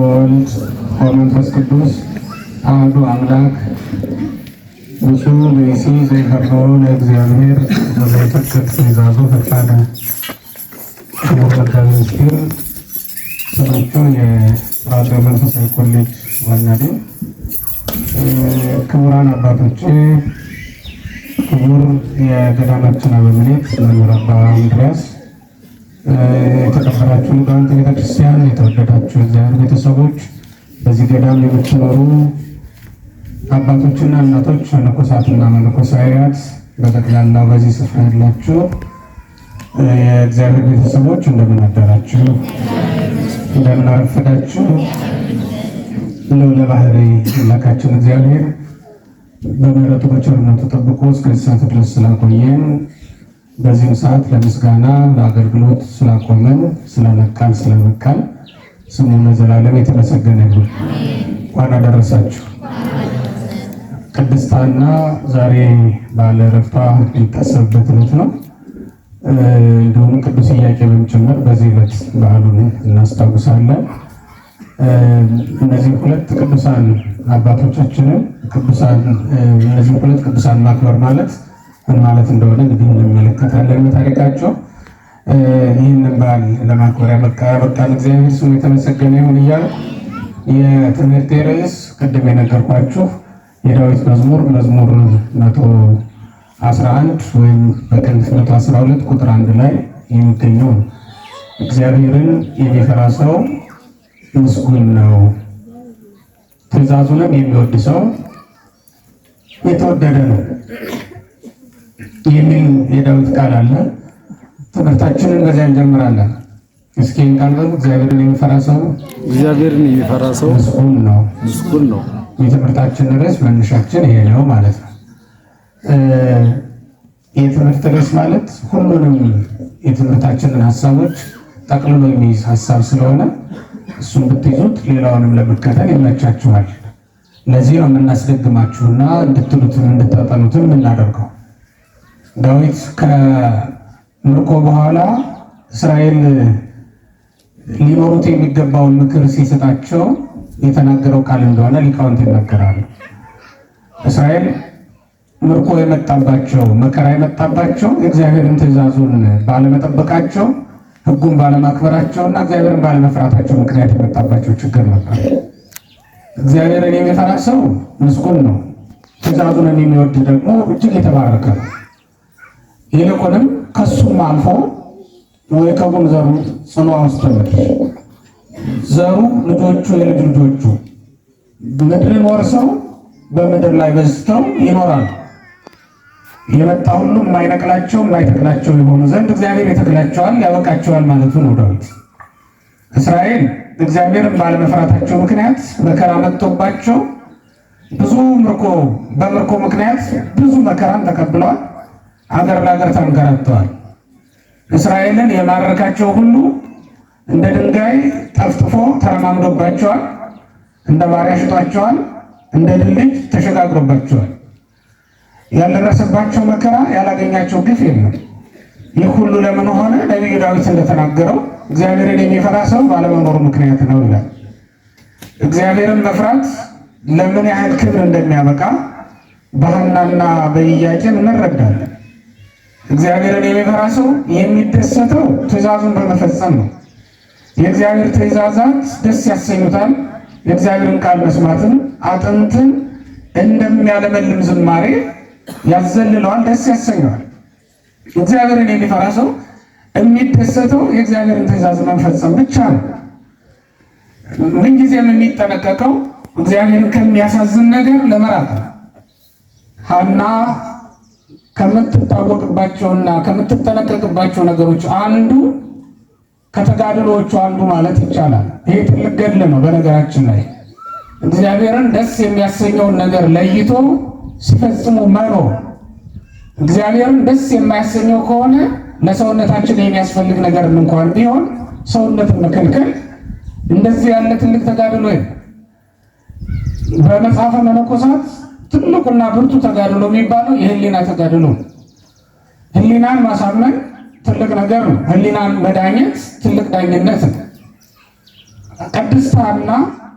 ወወልድ ወመንፈስ ቅዱስ አሐዱ አምላክ ብፁዕ ብእሲ ዘይፈርዶ ለእግዚአብሔር በዘይፈቅድ ትእዛዙ ፈቃደ የመጠጋ ሚኒስቴር ሰዎቹ የራሱ መንፈሳዊ ኮሌጅ ዋና ክቡራን አባቶቼ፣ ክቡር የገዳማችን አበምኔት መምህር አባ እንድርያስ የተከበራችሁ በአንተ ቤተክርስቲያን የተወደዳችሁ እግዚአብሔር ቤተሰቦች በዚህ ገዳም የምትኖሩ አባቶችና እናቶች፣ መነኮሳትና መነኮሳያት በጠቅላላው በዚህ ስፍራ ያላችሁ የእግዚአብሔር ቤተሰቦች እንደምን አደራችሁ? እንደምን አረፈዳችሁ? ልዑለ ባሕሪ አምላካችን እግዚአብሔር በምሕረቱ በቸርነቱ ጠብቆ እስከ ሰዓት ድረስ ስላቆየን በዚህም ሰዓት ለምስጋና ለአገልግሎት ስላቆመን ስለመካል ስለመካል ስሙ ለዘላለም የተመሰገነ ይሁን። ዋና ደረሳችሁ ቅድስት ሐና ዛሬ ባለ ዕረፍቷ የሚታሰብበት ዕለት ነው። እንዲሁም ቅዱስ ኢያቄምም ጭምር በዚህ ዕለት በዓሉን እናስታውሳለን። እነዚህ ሁለት ቅዱሳን አባቶቻችንን ቅዱሳን እነዚህ ሁለት ቅዱሳን ማክበር ማለት ምን ማለት እንደሆነ እንግዲህ እንመለከታለን በታሪካቸው። ይህንን በዓል ለማክበር ያበቃን እግዚአብሔር ስሙ የተመሰገነ ይሁን እያልኩ የትምህርት ርዕስ ቅድም የነገርኳችሁ የዳዊት መዝሙር መዝሙር መቶ አስራ አንድ ወይም በቅንፍ መቶ አስራ ሁለት ቁጥር አንድ ላይ የሚገኘው እግዚአብሔርን የሚፈራ ሰው ምስጉን ነው፣ ትእዛዙንም የሚወድ ሰው የተወደደ ነው። የሚል የዳዊት ቃል አለ። ትምህርታችንን በዚያ እንጀምራለን። እስኪ እንቃልበሉ እግዚአብሔርን የሚፈራ ሰው እግዚአብሔርን የሚፈራ ሰው ምስጉን ነው ምስጉን ነው። የትምህርታችን ርዕስ መነሻችን ይሄ ነው ማለት ነው። የትምህርት ርዕስ ማለት ሁሉንም የትምህርታችንን ሀሳቦች ጠቅልሎ የሚይዝ ሀሳብ ስለሆነ እሱን ብትይዙት ሌላውንም ለመከተል ይመቻችኋል። ለዚህ ነው የምናስደግማችሁና እንድትሉትም እንድታጠኑትም የምናደርገው። ዳዊት ከምርኮ በኋላ እስራኤል ሊኖሩት የሚገባውን ምክር ሲሰጣቸው የተናገረው ቃል እንደሆነ ሊቃውንት ይናገራሉ። እስራኤል ምርኮ የመጣባቸው መከራ የመጣባቸው የእግዚአብሔርን ትእዛዙን ባለመጠበቃቸው ሕጉን ባለማክበራቸው እና እግዚአብሔርን ባለመፍራታቸው ምክንያት የመጣባቸው ችግር ነበር። እግዚአብሔርን የሚፈራ ሰው ምስጉን ነው። ትእዛዙን የሚወድ ደግሞ እጅግ የተባረከ ነው። ይልቁንም ከሱም አልፎ ከጉም ዘሩ ጽኑዕ አስተምር ዘሩ ልጆቹ የልጅ ልጆቹ ምድርን ወርሰው በምድር ላይ በዝተው ይኖራሉ። የመጣ ሁሉ የማይነቅላቸው የማይተክላቸው የሆኑ ዘንድ እግዚአብሔር ይተክላቸዋል፣ ያበቃቸዋል ማለቱ ነው ዳዊት። እስራኤል እግዚአብሔርን ባለመፍራታቸው ምክንያት መከራ መጥቶባቸው ብዙ ምርኮ በምርኮ ምክንያት ብዙ መከራን ተቀብለዋል። ሀገር ለሀገር ተንከራተዋል። እስራኤልን የማረካቸው ሁሉ እንደ ድንጋይ ጠፍጥፎ ተረማምዶባቸዋል። እንደ ባሪያ ሽጧቸዋል። እንደ ድልድይ ተሸጋግሮባቸዋል። ያልደረሰባቸው መከራ፣ ያላገኛቸው ግፍ የለም። ይህ ሁሉ ለምን ሆነ? ነቢዩ ዳዊት እንደተናገረው እግዚአብሔርን የሚፈራ ሰው ባለመኖሩ ምክንያት ነው ይላል። እግዚአብሔርን መፍራት ለምን ያህል ክብር እንደሚያበቃ በሐናና በኢያቄም እንረዳለን። እግዚአብሔርን የሚፈራ ሰው የሚደሰተው ትእዛዙን በመፈጸም ነው። የእግዚአብሔር ትእዛዛት ደስ ያሰኙታል። የእግዚአብሔርን ቃል መስማትን አጥንትን እንደሚያለመልም ዝማሬ ያዘልለዋል፣ ደስ ያሰኘዋል። እግዚአብሔርን የሚፈራ ሰው የሚደሰተው የእግዚአብሔርን ትእዛዝ መፈጸም ብቻ ነው። ምንጊዜም የሚጠነቀቀው እግዚአብሔርን ከሚያሳዝን ነገር ለመራቅ ነው። ሐና ከምትታወቅባቸውና ከምትጠነቀቅባቸው ነገሮች አንዱ ከተጋድሎቹ አንዱ ማለት ይቻላል። ይሄ ትልቅ ገድል ነው። በነገራችን ላይ እግዚአብሔርን ደስ የሚያሰኘውን ነገር ለይቶ ሲፈጽሙ መኖ እግዚአብሔርን ደስ የማያሰኘው ከሆነ ለሰውነታችን የሚያስፈልግ ነገር እንኳን ቢሆን ሰውነትን መከልከል እንደዚህ ያለ ትልቅ ተጋድሎ በመጽሐፈ መነኮሳት ትልቁና ብርቱ ተጋድሎ የሚባለው የህሊና ተጋድሎ ነው። ህሊናን ማሳመን ትልቅ ነገር ነው። ህሊናን መዳኘት ትልቅ ዳኝነት ነው። ቅድስታና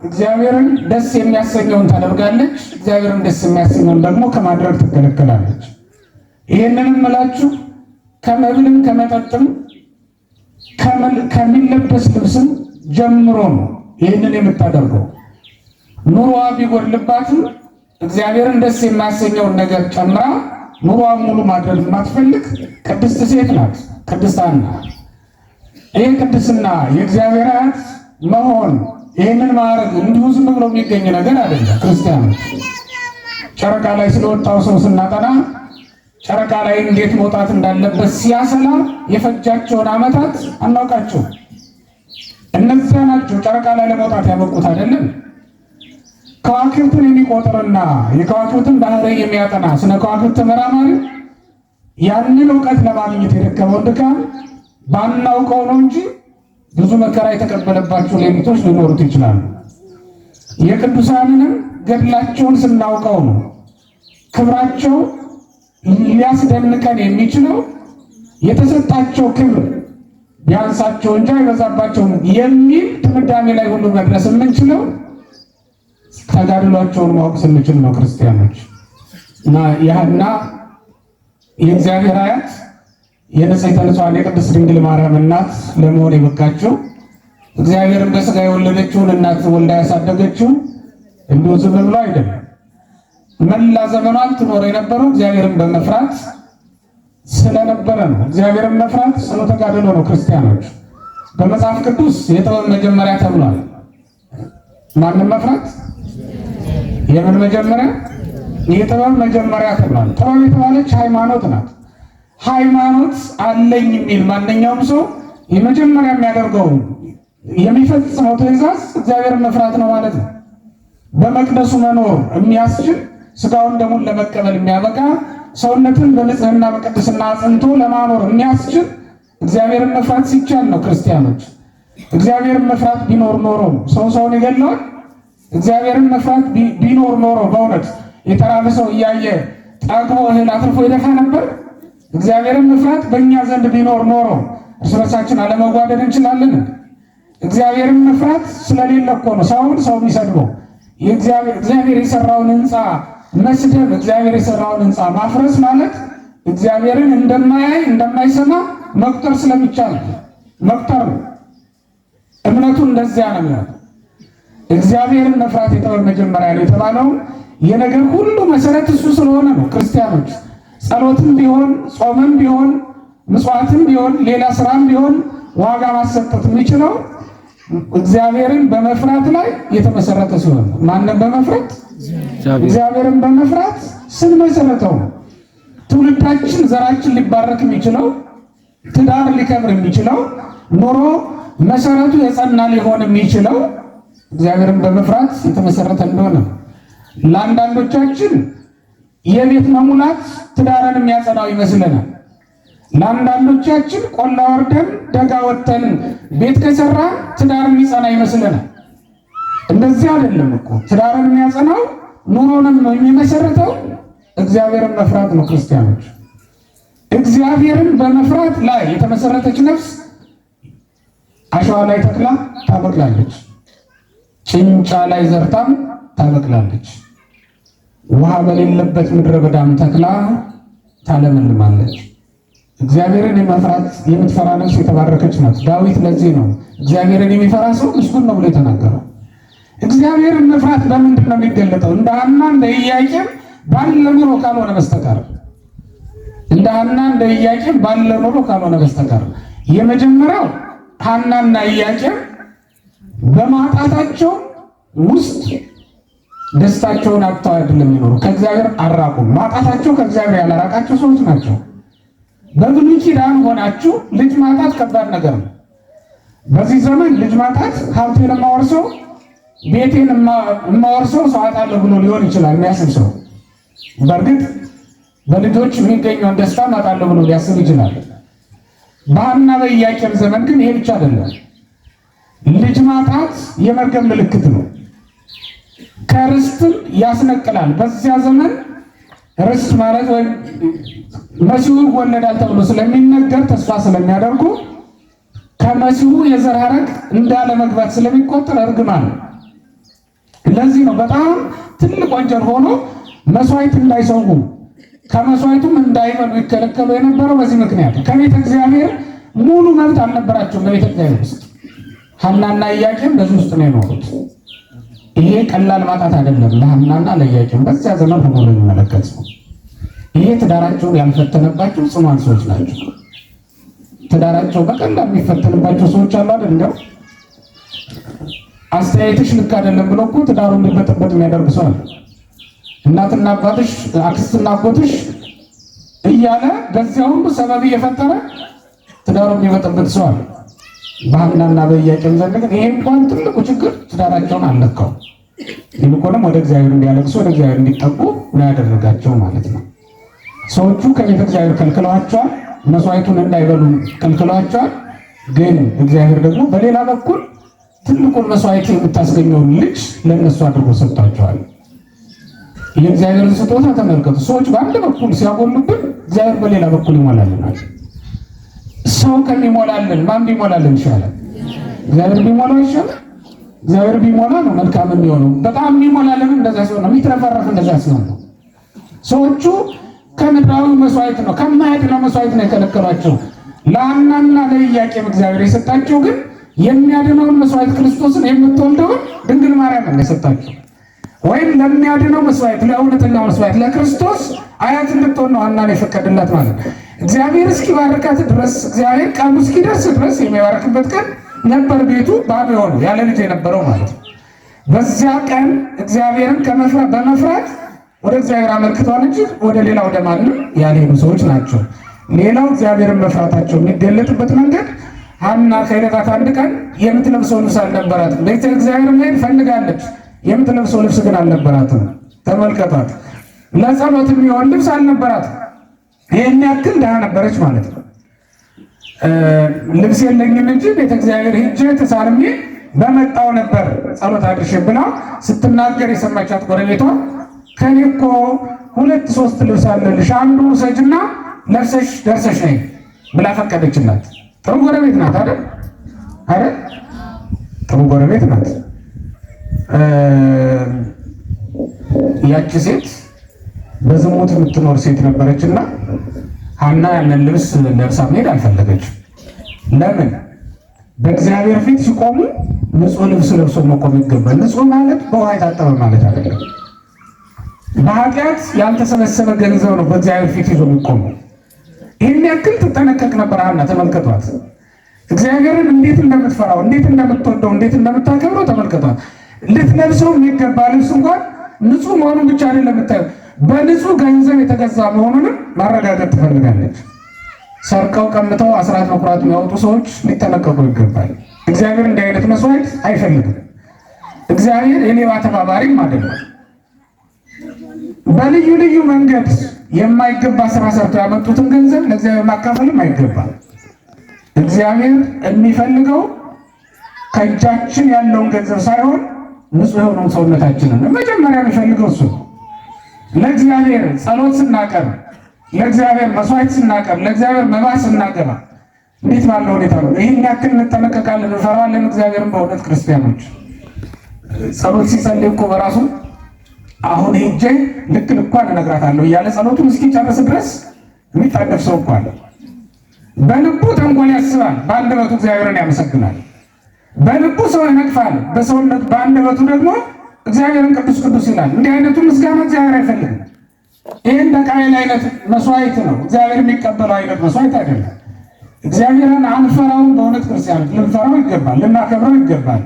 እግዚአብሔርን ደስ የሚያሰኘውን ታደርጋለች፣ እግዚአብሔርን ደስ የሚያሰኘውን ደግሞ ከማድረግ ትከለከላለች። ይህንንም ምላችሁ ከመብልም ከመጠጥም ከሚለበስ ልብስም ጀምሮ ነው ይህንን የምታደርገው ኑሮዋ ቢጎድልባትም እግዚአብሔርን ደስ የሚያሰኘውን ነገር ጨምራ ኑሯን ሙሉ ማድረግ የማትፈልግ ቅድስት ሴት ናት። ቅድስት ይህ ቅድስና የእግዚአብሔር አያት መሆን ይህንን ማድረግ እንዲሁ ዝም ብሎ የሚገኝ ነገር አይደለም። ክርስቲያኖች ጨረቃ ላይ ስለወጣው ሰው ስናጠና ጨረቃ ላይ እንዴት መውጣት እንዳለበት ሲያሰላ የፈጃቸውን ዓመታት አናውቃቸው። እነዚያ ናቸው ጨረቃ ላይ ለመውጣት ያበቁት አይደለም። ከዋክብትን የሚቆጥርና የከዋክብትን ባህሪ የሚያጠና ስነ ከዋክብት ተመራማሪ ያንን እውቀት ለማግኘት የደከመው ድካም ባናውቀው ነው እንጂ ብዙ መከራ የተቀበለባቸው ሌሊቶች ሊኖሩት ይችላሉ። የቅዱሳንንም ገድላቸውን ስናውቀው ነው ክብራቸው ሊያስደንቀን የሚችለው። የተሰጣቸው ክብር ቢያንሳቸው እንጂ አይበዛባቸውም የሚል ድምዳሜ ላይ ሁሉ መድረስ የምንችለው ተጋድሏቸውን ማወቅ ስንችል ነው ክርስቲያኖች እና ያህና የእግዚአብሔር አያት የንጽሕተ ንጹሐን የቅድስት ድንግል ማርያም እናት ለመሆን የበቃችው እግዚአብሔርን በስጋ የወለደችውን እናት ወልዳ ያሳደገችው እንዲሁ ዝም ብሎ አይደለም። መላ ዘመኗን ትኖረ የነበረው እግዚአብሔርን በመፍራት ስለነበረ ነው። እግዚአብሔርን መፍራት ስለ ተጋድሎ ነው። ክርስቲያኖች በመጽሐፍ ቅዱስ የጥበብ መጀመሪያ ተብሏል። ማንም መፍራት የምን መጀመሪያ የጥበብ መጀመሪያ ተብሏል። ጥበብ የተባለች ሃይማኖት ናት። ሃይማኖት አለኝ የሚል ማንኛውም ሰው የመጀመሪያ የሚያደርገው የሚፈጽመው ትእዛዝ እግዚአብሔርን መፍራት ነው ማለት ነው። በመቅደሱ መኖር የሚያስችል ስጋውን ደሙን ለመቀበል የሚያበቃ ሰውነትን በንጽህና በቅድስና አጽንቶ ለማኖር የሚያስችል እግዚአብሔርን መፍራት ሲቻል ነው። ክርስቲያኖች እግዚአብሔርን መፍራት ቢኖር ኖሮ ሰው ሰውን ይገለዋል እግዚአብሔርን መፍራት ቢኖር ኖሮ በእውነት የተራበ ሰው እያየ ጠግቦ እህል አትርፎ ይደፋ ነበር? እግዚአብሔርን መፍራት በእኛ ዘንድ ቢኖር ኖሮ እርስ በርሳችን አለመዋደድ እንችላለን። እግዚአብሔርን መፍራት ስለሌለ እኮ ነው ሰውን ሰው የሚሰድበው። እግዚአብሔር የሰራውን ህንፃ መስደብ፣ እግዚአብሔር የሰራውን ህንፃ ማፍረስ ማለት እግዚአብሔርን እንደማያይ እንደማይሰማ መቁጠር ስለሚቻል መቁጠር እምነቱ እንደዚያ ነው። እግዚአብሔርን መፍራት የተባለው መጀመሪያ ነው የተባለው የነገር ሁሉ መሰረት እሱ ስለሆነ ነው። ክርስቲያኖች ጸሎትም ቢሆን ጾምም ቢሆን ምጽዋትም ቢሆን ሌላ ስራም ቢሆን ዋጋ ማሰጠት የሚችለው እግዚአብሔርን በመፍራት ላይ የተመሰረተ ሲሆን ማንም በመፍራት እግዚአብሔርን በመፍራት ስንመሰረተው ትውልዳችን ዘራችን ሊባረክ የሚችለው ትዳር ሊከብር የሚችለው ኑሮ መሰረቱ የጸና ሊሆን የሚችለው እግዚአብሔርን በመፍራት የተመሰረተ እንደሆነ ለአንዳንዶቻችን የቤት መሙላት ትዳርን የሚያጸናው ይመስለናል። ለአንዳንዶቻችን ቆላ ወርደን ደጋ ወጥተን ቤት ከሰራ ትዳር የሚጸና ይመስለናል። እንደዚህ አይደለም እኮ ትዳርን የሚያጸናው ኑሮንም የሚመሰረተው እግዚአብሔርን መፍራት ነው። ክርስቲያኖች እግዚአብሔርን በመፍራት ላይ የተመሰረተች ነፍስ አሸዋ ላይ ተክላ ታበቅላለች። ጭንጫ ላይ ዘርታም ታበቅላለች። ውሃ በሌለበት ምድረ በዳም ተክላ ታለመልማለች። እግዚአብሔርን የመፍራት የምትፈራ ነፍስ የተባረከች ናት። ዳዊት ለዚህ ነው እግዚአብሔርን የሚፈራ ሰው ምስጉን ነው ብሎ የተናገረው። እግዚአብሔርን መፍራት በምንድን ነው የሚገለጠው? እንደ ሐና እንደ ኢያቄም ባለ ኑሮ ካልሆነ በስተቀር እንደ ሐና እንደ ኢያቄም ባለ ኑሮ ካልሆነ በስተቀር የመጀመሪያው ሐናና ኢያቄም በማጣታቸው ውስጥ ደስታቸውን አጥተው አይደለም የሚኖሩ ከእግዚአብሔር አራቁ ማጣታቸው ከእግዚአብሔር ያላራቃቸው ሰዎች ናቸው። በብሉይ ኪዳን ሆናችሁ ልጅ ማጣት ከባድ ነገር ነው። በዚህ ዘመን ልጅ ማጣት ሀብቴን የማወርሰው ቤቴን የማወርሰው ሰው አጣለሁ ብሎ ሊሆን ይችላል የሚያስብ ሰው። በእርግጥ በልጆች የሚገኘውን ደስታ አጣለሁ ብሎ ሊያስብ ይችላል። በሐናና በኢያቄም ዘመን ግን ይሄ ብቻ አይደለም። ልጅ ማጣት የመርገም ምልክት ነው። ከርስትም ያስነቅላል። በዚያ ዘመን ርስት ማለት ወይ መሲሁ ወለዳል ተብሎ ስለሚነገር ተስፋ ስለሚያደርጉ ከመሲሁ የዘር ሐረግ መግባት ስለሚቆጠር እርግማን ነው። ለዚህ ነው በጣም ትልቅ ወንጀል ሆኖ መስዋዕት እንዳይሰው ከመስዋዕቱም እንዳይበሉ ይከለከሉ የነበረው በዚህ ምክንያት ከቤተ እግዚአብሔር ሙሉ መብት አልነበራቸውም በቤተ እግዚአብሔር ውስጥ ሀናና እያቄም በዚህ ውስጥ ነው የኖሩት። ይሄ ቀላል ማጣት አይደለም ለሀናና ለኢያቄም በዚያ ዘመን ሆኖ ነው የሚመለከት ነው። ይሄ ትዳራቸውን ያልፈተነባቸው ጽኗን ሰዎች ናቸው። ትዳራቸው በቀላል የሚፈተንባቸው ሰዎች አሉ አይደል? እንደው አስተያየትሽ ልክ አይደለም ብሎ እኮ ትዳሩ እንዲበጠበጥ የሚያደርግ ሰው አለ። እናትና አባትሽ፣ አክስትና አጎትሽ እያለ በዚያ ሁሉ ሰበብ እየፈጠረ ትዳሩ የሚበጠበጥ ሰው አለ። በሐናና በኢያቄም ዘንድ ግን ይሄ እንኳን ትልቁ ችግር ትዳራቸውን አልነካው፣ ይልቁንም ወደ እግዚአብሔር እንዲያለቅሱ ወደ እግዚአብሔር እንዲጠጉ ያደረጋቸው ማለት ነው። ሰዎቹ ከቤተ እግዚአብሔር ከልክለዋቸዋል፣ መስዋዕቱን እንዳይበሉ ከልክለዋቸዋል። ግን እግዚአብሔር ደግሞ በሌላ በኩል ትልቁን መስዋዕት የምታስገኘውን ልጅ ለእነሱ አድርጎ ሰጥቷቸዋል። የእግዚአብሔርን ስጦታ ተመልከቱ። ሰዎች በአንድ በኩል ሲያጎሉብን፣ እግዚአብሔር በሌላ በኩል ይሞላልናል። ሰው ከሚሞላልን ማን ቢሞላልን ይሻላል? እግዚአብሔር ቢሞላ ይሻላል። እግዚአብሔር ቢሞላ ነው መልካም የሚሆነው። በጣም የሚሞላልን እንደዛ ሲሆን ነው የሚትረፈረፍ፣ እንደዛ ሲሆን ነው ሰዎቹ ከምድራዊ መስዋዕት ነው ነው መስዋዕት ነው የከለከሏቸው። ለአናና ለኢያቄም እግዚአብሔር የሰጣቸው ግን የሚያድነውን መስዋዕት ክርስቶስን የምትወልደውን ድንግል ማርያም ነው የሰጣቸው። ወይም ለሚያድነው መስዋዕት ለእውነተኛው መስዋዕት ለክርስቶስ አያት እንድትሆን ነው ሐናን የፈቀደላት ማለት እግዚአብሔር እስኪባርካት ድረስ እግዚአብሔር ቃሉ እስኪደርስ ድረስ የሚባረክበት ቀን ነበር። ቤቱ ባዶ የሆኑ ያለ ልጅ የነበረው ማለት ነው። በዚያ ቀን እግዚአብሔርን ከመፍራት በመፍራት ወደ እግዚአብሔር አመልክተዋል እንጂ ወደ ሌላ ወደ ማንም ያልሄዱ ሰዎች ናቸው። ሌላው እግዚአብሔርን መፍራታቸው የሚገለጥበት መንገድ ሐና ከዕለታት አንድ ቀን የምትለብሰው ልብስ አልነበራትም። ቤተ እግዚአብሔር መሄድ ፈልጋለች። የምትለብሰው ልብስ ግን አልነበራትም። ተመልከቷት። ለጸሎት የሚሆን ልብስ አልነበራትም። ይህን ያክል ድሃ ነበረች ማለት ነው። ልብስ የለኝም እንጂ ቤተ እግዚአብሔር ሂጄ ተሳልሜ በመጣው ነበር ጸሎት አድርሼ ብላ ስትናገር የሰማቻት ጎረቤቷ ከኔ እኮ ሁለት ሶስት ልብስ አለልሽ አንዱ ውሰጅና ለብሰሽ ደርሰሽ ነይ ብላ ፈቀደችላት። ጥሩ ጎረቤት ናት አይደል? አይደል? ጥሩ ጎረቤት ናት። ያቺ ሴት በዝሙት የምትኖር ሴት ነበረች እና ሀና ያንን ልብስ ለብሳ መሄድ አልፈለገችም። ለምን? በእግዚአብሔር ፊት ሲቆሙ ንጹህ ልብስ ለብሶ መቆም ይገባል። ንጹህ ማለት በውሃ የታጠበ ማለት አይደለም። በኃጢአት ያልተሰበሰበ ገንዘብ ነው በእግዚአብሔር ፊት ይዞ የሚቆመው። ይህን ያክል ትጠነቀቅ ነበር ሀና። ተመልከቷት፣ እግዚአብሔርን እንዴት እንደምትፈራው፣ እንዴት እንደምትወደው፣ እንዴት እንደምታከብረው ተመልከቷት። ልትለብሰው የሚገባ ልብስ እንኳን ንጹህ መሆኑን ብቻ አይደለም የምታየው፣ በንጹህ ገንዘብ የተገዛ መሆኑንም ማረጋገጥ ትፈልጋለች። ሰርቀው ቀምተው አስራት በኩራት የሚያወጡ ሰዎች ሊጠነቀቁ ይገባል። እግዚአብሔር እንዲህ አይነት መስዋዕት አይፈልግም። እግዚአብሔር የሌባ ተባባሪም አይደለም። በልዩ ልዩ መንገድ የማይገባ ስራ ሰርተው ያመጡትን ገንዘብ ለእግዚአብሔር ማካፈልም አይገባም። እግዚአብሔር የሚፈልገው ከእጃችን ያለውን ገንዘብ ሳይሆን ንጹህ የሆነው ሰውነታችንን መጀመሪያ የሚፈልገው እሱ ለእግዚአብሔር ጸሎት ስናቀርብ፣ ለእግዚአብሔር መስዋዕት ስናቀርብ፣ ለእግዚአብሔር መባ ስናገባ እንዴት ባለ ሁኔታ ነው? ይህን ያክል እንጠነቀቃለን፣ እንፈራዋለን እግዚአብሔርን። በእውነት ክርስቲያኖች ጸሎት ሲጸልይ እኮ በራሱ አሁን ሄጄ ልክ ልኳን እነግራታለሁ እያለ ጸሎቱን እስኪጨርስ ድረስ የሚጣደፍ ሰው እኮ አለ። በልቡ ተንኮል ያስባል፣ በአንደበቱ እግዚአብሔርን ያመሰግናል። በልቡ ሰው ይነቅፋል፣ በሰውነት በአንደበቱ ደግሞ እግዚአብሔርን ቅዱስ ቅዱስ ይላል። እንዲህ አይነቱ ምስጋና እግዚአብሔር አይፈልግም። ይህ እንደ አይነት መስዋዕት ነው። እግዚአብሔር የሚቀበለው አይነት መስዋዕት አይደለም። እግዚአብሔርን አንፈራውን። በእውነት ክርስቲያኖች ልንፈራው ይገባል፣ ልናከብረው ይገባል።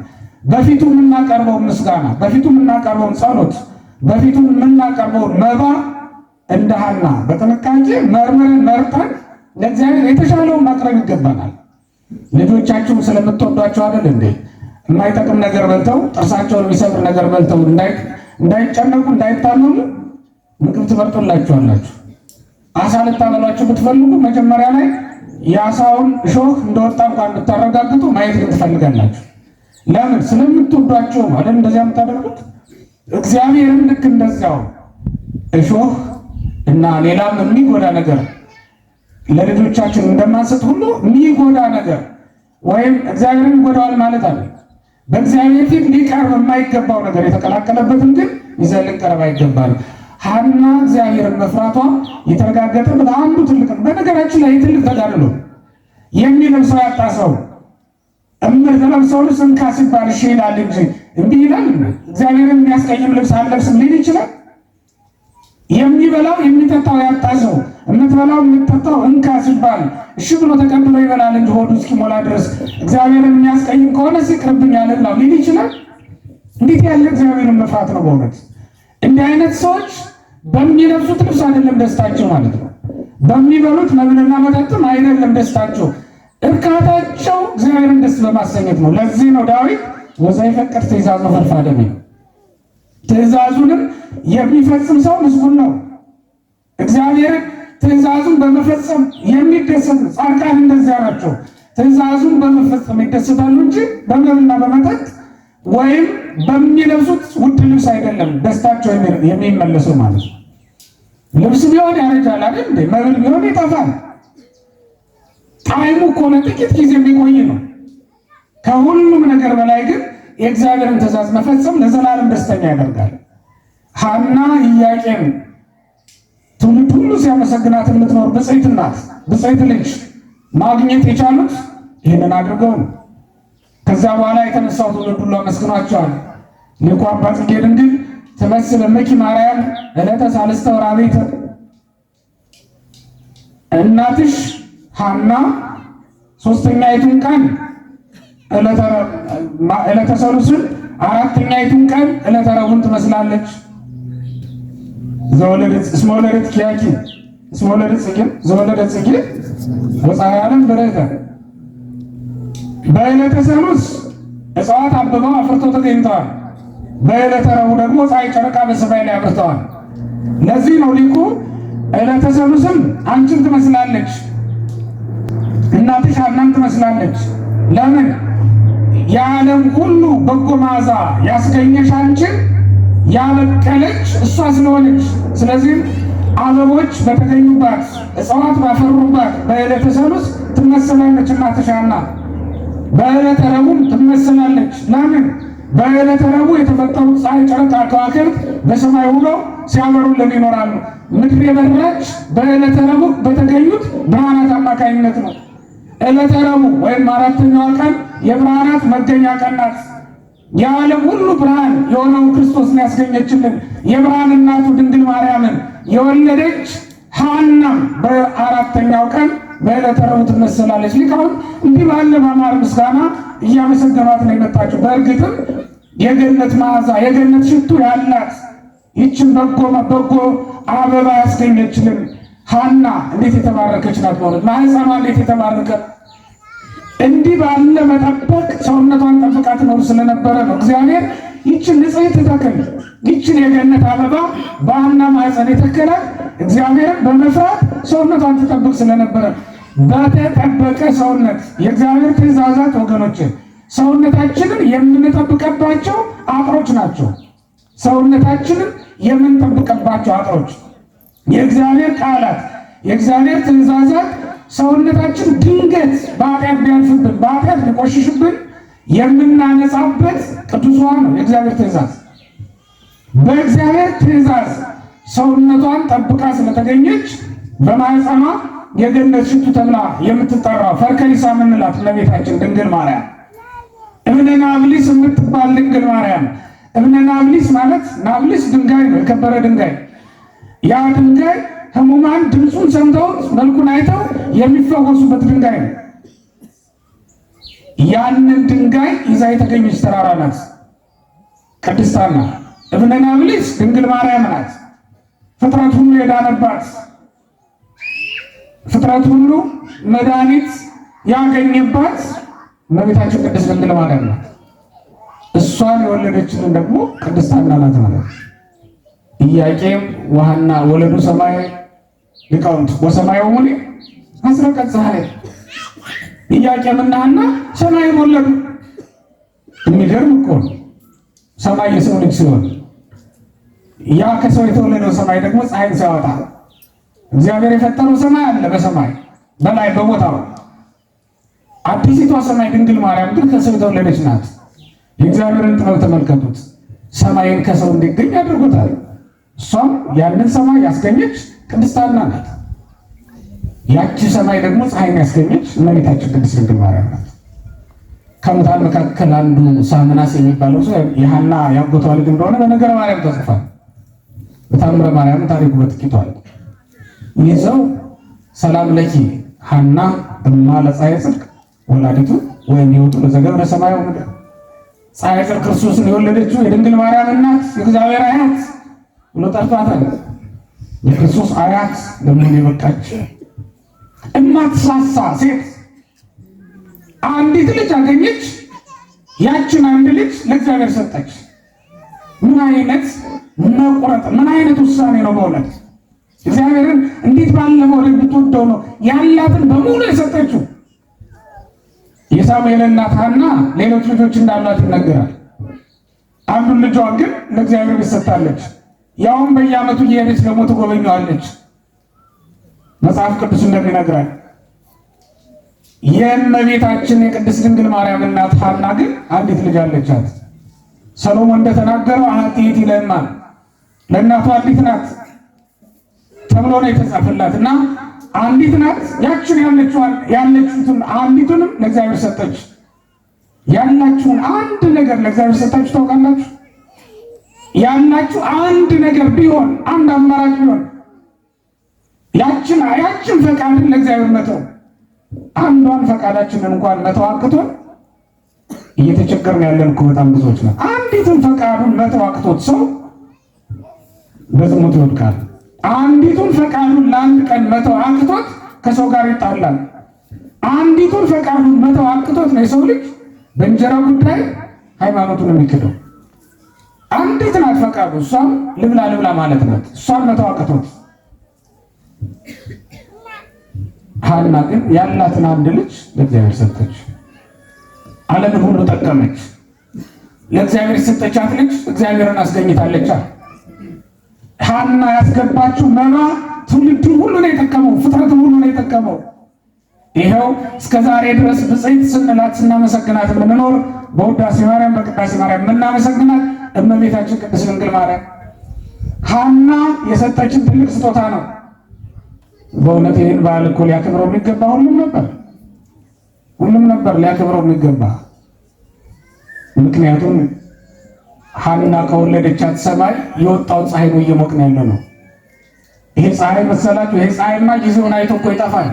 በፊቱ የምናቀርበውን ምስጋና፣ በፊቱ የምናቀርበውን ጸሎት፣ በፊቱ የምናቀርበውን መባ እንደ ሐና በጥንቃቄ መርምረን መርጠን ለእግዚአብሔር የተሻለውን ማቅረብ ይገባናል። ልጆቻችሁ ስለምትወዷቸው አይደል እንዴ? የማይጠቅም ነገር በልተው ጥርሳቸውን የሚሰብር ነገር በልተው እንዳይጨነቁ እንዳይታመሙ ምግብ ትመርጡላቸዋላችሁ። አሳ ልታበሏቸው ብትፈልጉ መጀመሪያ ላይ የአሳውን እሾህ እንደወጣ እንኳን ብታረጋግጡ ማየት ግን ትፈልጋላችሁ። ለምን? ስለምትወዷቸው ነው አይደል እንደዚያ የምታደርጉት። እግዚአብሔርም ልክ እንደዚያው እሾህ እና ሌላም የሚጎዳ ነገር ለልጆቻችን እንደማንሰጥ ሁሉ የሚጎዳ ነገር ወይም እግዚአብሔርን ይጎዳዋል ማለት አለ። በእግዚአብሔር ፊት ሊቀርብ የማይገባው ነገር የተቀላቀለበትን ግን ይዘን ልንቀርብ አይገባል። ሐና እግዚአብሔርን መፍራቷ የተረጋገጠበት አንዱ ትልቅ በነገራችን ላይ ትልቅ ተጋድሎ የሚለብሰው ያጣ ሰው እምር ተለብሰው ልብስ እንካ ሲባል እሺ ይላል እንጂ እንዲህ ይላል እግዚአብሔርን የሚያስቀይም ልብስ አለብስም ሊል ይችላል። የሚበላው የሚጠጣው ያጣ ሰው የምትበላው የምትጠጣው እንካ ሲባል እሺ ብሎ ተቀብሎ ይበላል እንጂ ሆዱ እስኪሞላ ድረስ። እግዚአብሔርን የሚያስቀይም ከሆነ ሲቅርብኝ ያለላ ሊል ይችላል። እንዴት ያለ እግዚአብሔርን መፍራት ነው በእውነት! እንዲህ አይነት ሰዎች በሚለብሱት ልብስ አይደለም ደስታቸው ማለት ነው። በሚበሉት መብልና መጠጥም አይደለም ደስታቸው። እርካታቸው እግዚአብሔርን ደስ በማሰኘት ነው። ለዚህ ነው ዳዊት ወዘይፈቅድ ትእዛዝ ነው ነው። ትእዛዙንም የሚፈጽም ሰው ምስጉን ነው። እግዚአብሔርን ትእዛዙን በመፈጸም የሚደሰቱ ጻድቃን እንደዚያ ናቸው። ትእዛዙን በመፈጸም ይደሰታሉ እንጂ በመብልና በመጠጥ ወይም በሚለብሱት ውድ ልብስ አይደለም ደስታቸው የሚመለሱ ማለት ነው። ልብስ ቢሆን ያረጃል አይደል እንዴ? መብል ቢሆን ይጠፋል። ጣዕሙ እኮ ለጥቂት ጊዜ የሚቆይ ነው። ከሁሉም ነገር በላይ ግን የእግዚአብሔርን ትእዛዝ መፈጸም ለዘላለም ደስተኛ ያደርጋል። ሐና ኢያቄም ሁሉ ሲያመሰግናት የምትኖር ብፅዕት እናት ብፅዕት ልጅ ማግኘት የቻሉት ይህንን አድርገው ነው። ከዚያ በኋላ የተነሳው ትውልድ ሁሉ አመስግኗቸዋል። ሊቁ አባ ጽጌ ድንግል ትመስል እምኪ ማርያም ዕለተ ሣልስተ ወራቤት እናትሽ ሐና ሶስተኛይቱን ቀን ዕለተ አራተኛ አራተኛይቱን ቀን ዕለተ ረቡዕን ትመስላለች። እስመወለደ ኪያኪ እስመወለደ ጽጌ ዘወለደ ጽጌ ወፀሐይ ዓለም በዕለተ ሰኑስ እጽዋት አብበው አፍርተው ተገኝተዋል። በዕለተ ረቡዕ ደግሞ ፀሐይ ጨረቃ በሰማይ ላይ አብርተዋል። ለዚህ ነው ሊቁ ዕለተ ሰኑስም አንቺን ትመስላለች፣ እናትሽ ሐናን ትመስላለች። ለምን የዓለም ሁሉ በጎ መዓዛ ያስገኘሽ አንቺን ያበቀለች እሷ ስለሆነች፣ ስለዚህም አበቦች በተገኙባት እጽዋት ባፈሩባት በዕለተ ሰሉስ ትመስላለች እናትሻና በዕለተ ረቡዕም ትመስላለች። ለምን? በዕለተ ረቡዕ የተፈጠሩ ፀሐይ፣ ጨረቃ፣ ከዋክብት በሰማይ ውለው ሲያበሩልን ይኖራሉ። ምድር የበራች በዕለተ ረቡዕ በተገኙት ብርሃናት አማካኝነት ነው። ዕለተ ረቡዕ ወይም አራተኛዋ ቀን የብርሃናት መገኛ ቀን ናት። የዓለም ሁሉ ብርሃን የሆነውን ክርስቶስን ያስገኘችልን የብርሃን እናቱ ድንግል ማርያምን የወለደች ሐናም በአራተኛው ቀን በዕለተ ረቡዕ ትመሰላለች። ሊቃውንት እንዲህ ባለ ማማር ምስጋና እያመሰገኗት ነው የመጣችው። በእርግጥም የገነት መዓዛ የገነት ሽቱ ያላት ይችን በጎ በጎ አበባ ያስገኘችልን ሐና እንዴት የተባረከች ናት! ማለት ማህፀኗ እንዴት የተባረከ እንዲህ ባለ መጠበቅ ሰውነቷን ጠብቃ ትኖር ስለነበረ ነው እግዚአብሔር ይችን ንጽሕት ተክል ይችን የገነት አበባ በሐና ማኅፀን የተከለ እግዚአብሔርን በመፍራት ሰውነቷን ትጠብቅ ስለነበረ በተጠበቀ ሰውነት የእግዚአብሔር ትእዛዛት ወገኖች ሰውነታችንን የምንጠብቀባቸው አጥሮች ናቸው። ሰውነታችንን የምንጠብቀባቸው አጥሮች የእግዚአብሔር ቃላት፣ የእግዚአብሔር ትእዛዛት ሰውነታችን ድንገት በኃጢአት ቢያልፍብን በኃጢአት ሊቆሽሽብን የምናነጻበት ቅዱሷ ነው የእግዚአብሔር ትእዛዝ። በእግዚአብሔር ትእዛዝ ሰውነቷን ጠብቃ ስለተገኘች በማህፀኗ የገነት ሽቱ ተብላ የምትጠራው ፈርከሊሳ የምንላት እመቤታችን ድንግል ማርያም እብነ ናብሊስ የምትባል ድንግል ማርያም። እብነ ናብሊስ ማለት ናብሊስ ድንጋይ ነው፣ የከበረ ድንጋይ ያ ድንጋይ ህሙማን ድምፁን ሰምተውት መልኩን አይተው የሚፈወሱበት ድንጋይ ነው። ያንን ድንጋይ ይዛ የተገኘች ተራራ ናት ቅድስት ሐና። እብነ ድንግል ማርያም ናት። ፍጥረት ሁሉ የዳነባት ፍጥረት ሁሉ መድኃኒት ያገኘባት እመቤታችን ቅድስት ድንግል ማርያም ናት። እሷን የወለደችንን ደግሞ ቅድስት ሐና ናት ማለት ኢያቄም ወሐና ወለዱ ሰማይ ሊቃውንት ወሰማይ ሙሌ አስረቀት ፀሐይ ጥያቄ ምናህና ሰማይ ወለዱ። የሚገርም እኮ ሰማይ የሰው ልጅ ሲሆን ያ ከሰው የተወለደው ሰማይ ደግሞ ፀሐይን ሲያወጣ እግዚአብሔር የፈጠረው ሰማይ አለ። በሰማይ በላይ በቦታው አዲሲቷ ሰማይ ድንግል ማርያም ግን ከሰው የተወለደች ናት። የእግዚአብሔርን ጥበብ ተመልከቱት። ሰማይን ከሰው እንዲገኝ ያደርጉታል። እሷም ያንን ሰማይ ያስገኘች ቅድስት ሐና ናት። ያቺ ሰማይ ደግሞ ፀሐይ ያስገኘች እመቤታችን ቅድስት ድንግል ማርያም ናት። ከሙታን መካከል አንዱ ሳምናስ የሚባለው ሰው የሐና ያጎቷ ልጅ እንደሆነ በነገረ ማርያም ተጽፏል። በታምረ ማርያም ታሪኩ በጥቂቱ ይህ ሰው ሰላም ለኪ ሐና እማ ለፀሐይ ጽድቅ ወላዲቱ ወይም ይወጡ ለዘገብረ ሰማያዊ ምድር ፀሐይ ጽድቅ ክርስቶስን የወለደችው የድንግል ማርያም እናት የእግዚአብሔር አያት ብሎ ጠርቷታል። የክርስቶስ አያት ለመሆን የበቃች እማትሳሳ ሴት አንዲት ልጅ አገኘች። ያችን አንድ ልጅ ለእግዚአብሔር ሰጠች። ምን አይነት መቁረጥ! ምን አይነት ውሳኔ ነው! በእውነት እግዚአብሔርን እንዴት ባለ መውደድ ብትወደው ነው ያላትን በሙሉ የሰጠችው። የሳሙኤል እናት ሐና ሌሎች ልጆች እንዳሏት ይነገራል። አንዱን ልጇን ግን ለእግዚአብሔር ይሰጣለች። ያውም በየዓመቱ እየሄደች ደግሞ ትጎበኘዋለች። መጽሐፍ ቅዱስ እንደሚነግረን የእመቤታችን የቅድስት ድንግል ማርያም እናት ሐና ግን አንዲት ልጅ አለቻት። ሰሎሞን እንደተናገረው አኃጢት ይለማ ለእናቷ አንዲት ናት ተብሎ ነው የተጻፈላት እና አንዲት ናት ያችን ያለችሁትን አንዲቱንም ለእግዚአብሔር ሰጠች። ያላችሁን አንድ ነገር ለእግዚአብሔር ሰጣችሁ ታውቃላችሁ? ያላችሁ አንድ ነገር ቢሆን አንድ አማራጭ ቢሆን ያችን ያችን ፈቃድን ለእግዚአብሔር መተው አንዷን ፈቃዳችንን እንኳን መተው አቅቶን እየተቸገርን ያለን እኮ በጣም ብዙዎች ነው። አንዲቱን ፈቃዱን መተው አቅቶት ሰው በዝሙት ይወድቃል። አንዲቱን ፈቃዱን ለአንድ ቀን መተው አቅቶት ከሰው ጋር ይጣላል። አንዲቱን ፈቃዱን መተው አቅቶት ነው የሰው ልጅ በእንጀራ ጉዳይ ሃይማኖቱን የሚክደው። አንዲት ናት ፈቃዱ። እሷም ልብላ ልብላ ማለት ናት። እሷም መተዋቅቶት ሀና ግን ያላትን አንድ ልጅ ለእግዚአብሔር ሰጠች። ዓለምን ሁሉ ጠቀመች። ለእግዚአብሔር የሰጠቻት ልጅ እግዚአብሔርን አስገኝታለች። ሀና ያስገባችው መባ ትውልዱ ሁሉ ነው የጠቀመው፣ ፍጥረቱ ሁሉ ነው የጠቀመው። ይኸው እስከ ዛሬ ድረስ ብፅዕት ስንላት ስናመሰግናት የምንኖር በውዳሴ ማርያም በቅዳሴ ማርያም የምናመሰግናት እመቤታችን ቅድስት ድንግል ማርያም ሐና የሰጠችን ትልቅ ስጦታ ነው። በእውነት ይህን በዓል እኮ ሊያከብረው የሚገባ ሁሉም ነበር፣ ሁሉም ነበር ሊያከብረው የሚገባ ምክንያቱም ሐና ከወለደቻት ሰማይ የወጣው ፀሐይ ነው እየሞቅን ያለ ነው። ይሄ ፀሐይ መሰላችሁ? ይሄ ፀሐይማ ጊዜውን አይቶ እኮ ይጠፋል።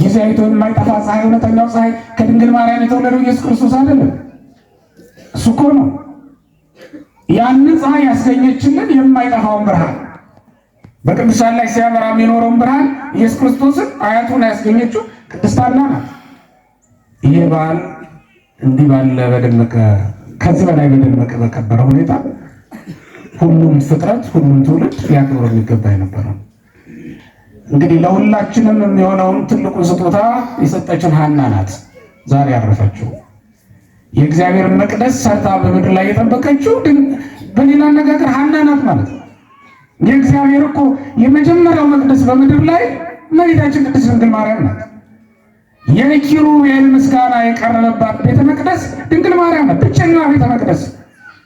ጊዜ አይቶ የማይጠፋ ፀሐይ፣ እውነተኛው ፀሐይ ከድንግል ማርያም የተወለደው ኢየሱስ ክርስቶስ አይደለም፣ እሱ እኮ ነው። ያንን ፀሐይ ያስገኘችልን የማይጠፋውን ብርሃን በቅዱሳን ላይ ሲያበራ የሚኖረውን ብርሃን ኢየሱስ ክርስቶስን አያቱን ያስገኘችው ቅድስት ሐና ናት። ይሄ በዓል እንዲህ ባለ በደመቀ ከዚህ በላይ በደመቀ በከበረ ሁኔታ ሁሉም ፍጥረት ሁሉም ትውልድ ሊያከብረው የሚገባ የነበረው እንግዲህ ለሁላችንም የሚሆነውን ትልቁን ስጦታ የሰጠችን ሐና ናት ዛሬ ያረፈችው። የእግዚአብሔርን መቅደስ ሰርታ በምድር ላይ የጠበቀችው በሌላ አነጋገር ሀና ናት ማለት ነው። የእግዚአብሔር እኮ የመጀመሪያው መቅደስ በምድር ላይ መሬታችን ቅድስት ድንግል ማርያም ናት። የኪሩቤል ምስጋና የቀረበባት ቤተ መቅደስ ድንግል ማርያም ናት። ብቸኛዋ ቤተ መቅደስ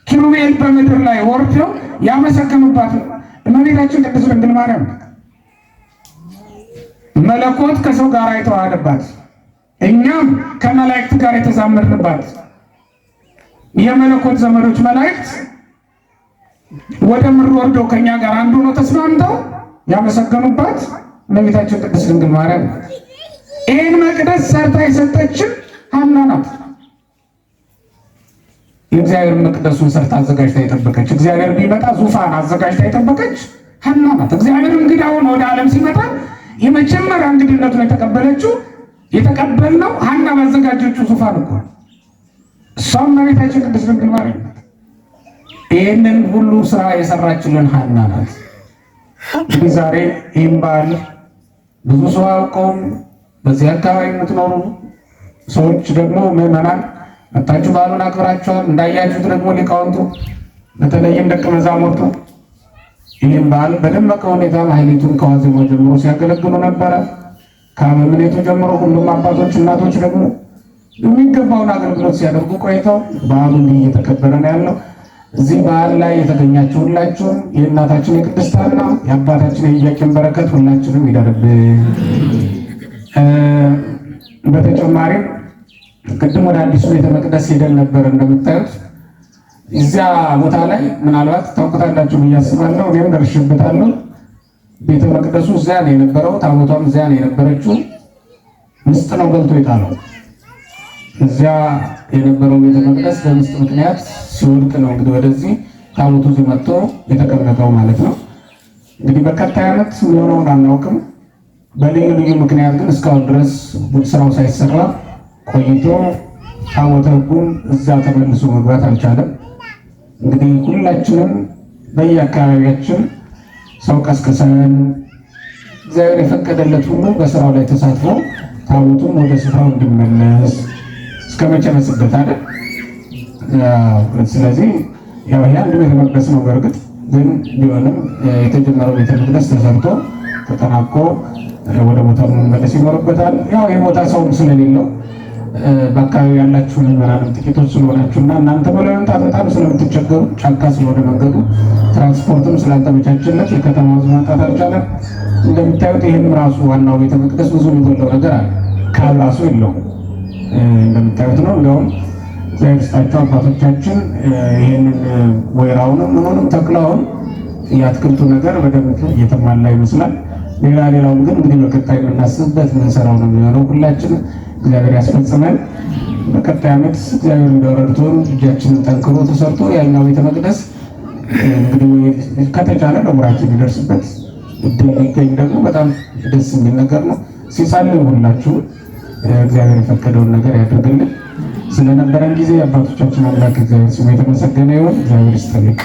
ኪሩቤል በምድር ላይ ወርደው ያመሰገኑባት መሬታችን ቅድስት ድንግል ማርያም ናት። መለኮት ከሰው ጋር የተዋሃደባት እኛም ከመላእክት ጋር የተዛመድንባት የመለኮት ዘመዶች መላእክት ወደ ምድር ወርደው ከኛ ጋር አንዱ ነው ተስማምተው ያመሰገኑባት እመቤታችን ቅድስት ድንግል ማርያም ይህን መቅደስ ሰርታ የሰጠችን ሐና ናት። የእግዚአብሔር መቅደሱን ሰርታ አዘጋጅታ የጠበቀች እግዚአብሔር ቢመጣ ዙፋን አዘጋጅታ የጠበቀች ሐና ናት። እግዚአብሔር እንግዳውን ወደ ዓለም ሲመጣ የመጀመሪያ እንግድነቱን የተቀበለችው የተቀበልነው ሐና ባዘጋጀችው ዙፋን እኮ እሷም መቤታችን ቅድስት ድንግል ማርያም ይህንን ሁሉ ስራ የሰራችልን ሀና ናት። እንግዲህ ዛሬ ይህም በዓል ብዙ ሰው አውቀውም በዚህ አካባቢ የምትኖሩ ሰዎች ደግሞ ምዕመናን መታችሁ በዓሉን አክብራችኋል። እንዳያችሁት ደግሞ ሊቃውንቱ በተለይም ደቀ መዛሙርቱ ይህም በዓል በደመቀ ሁኔታ ሀይሊቱን ከዋዜማ ጀምሮ ሲያገለግሉ ነበረ። ከመምኔቱ ጀምሮ ሁሉም አባቶች እናቶች ደግሞ የሚገባውን አገልግሎት ሲያደርጉ ቆይተው በዓሉ እንዲህ እየተከበረ ነው ያለው። እዚህ በዓል ላይ የተገኛችሁ ሁላችሁም የእናታችን የቅድስት ሐና የአባታችን የኢያቄም በረከት ሁላችንም ይደርብን። በተጨማሪም ቅድም ወደ አዲሱ ቤተ መቅደስ ሄደን ነበር። እንደምታዩት እዚያ ቦታ ላይ ምናልባት ታውቁታላችሁ ብዬ አስባለሁ። እኔም ደርሽበታለሁ። ቤተ መቅደሱ እዚያ ነው የነበረው፣ ታቦቷም እዚያ ነው የነበረችው። ምስጥ ነው ገልቶ የጣለው እዚያ የነበረው ቤተ መቅደስ በምስጥ ምክንያት ሲወድቅ ነው እንግዲህ ወደዚህ ታቦቱ መጥቶ የተቀመጠው ማለት ነው። እንግዲህ በቀጣይ ዓመት የሚሆነውን አናውቅም። በልዩ ልዩ ምክንያት ግን እስካሁን ድረስ ስራው ሳይሰራ ቆይቶ ታቦተ እዛ ተመልሶ መግባት አልቻለም። እንግዲህ ሁላችንም በየአካባቢያችን ሰው ቀስቅሰን እግዚአብሔር የፈቀደለት ሁሉ በስራው ላይ ተሳትፎ ታቦቱም ወደ ስፍራው እንዲመለስ እስከ መጨረስበት አይደል? ስለዚህ ያው የአንድ ቤተ መቅደስ ነው። በእርግጥ ግን ቢሆንም የተጀመረው ቤተ መቅደስ ተሰርቶ ተጠናቆ ወደ ቦታ መመለስ ይኖርበታል። ያው ይህ ቦታ ሰውም ስለሌለው በአካባቢ ያላችሁ ምዕመናንም ጥቂቶች ስለሆናችሁ እና እናንተ በለመምጣት በጣም ስለምትቸገሩ ጫካ ስለሆነ መንገዱ ትራንስፖርትም ስላልተመቻችለት የከተማ ሕዝብ መምጣት አልቻለም። እንደምታዩት ይህም ራሱ ዋናው ቤተ መቅደስ ብዙ የሚጎለው ነገር አለ። ካብ ራሱ የለውም እንደምታዩት ነው። እንዲሁም እግዚአብሔር ይስጣቸው አባቶቻችን ይህንን ወይራውንም ምኑንም ተክለውን የአትክልቱ ነገር በደንብ እየተሟላ ይመስላል። ሌላ ሌላውን ግን እንግዲህ በቀጣይ የምናስብበት ምንሰራው ነው የሚሆነው። ሁላችን እግዚአብሔር ያስፈጽመን። በቀጣይ ዓመት እግዚአብሔር እንደረድቶን እጃችንን ጠንክሮ ተሰርቶ ያኛው ቤተ መቅደስ እንግዲህ ከተቻለ ለሙራችን ሊደርስበት እድል ሊገኝ ደግሞ በጣም ደስ የሚል ነገር ነው። ሲሳለን ሁላችሁ እግዚአብሔር የፈቀደውን ነገር ያደርግልን። ስለነበረን ጊዜ አባቶቻችን አምላክ እግዚአብሔር ስሙ የተመሰገነ ይሁን። እግዚአብሔር ይስጥልን።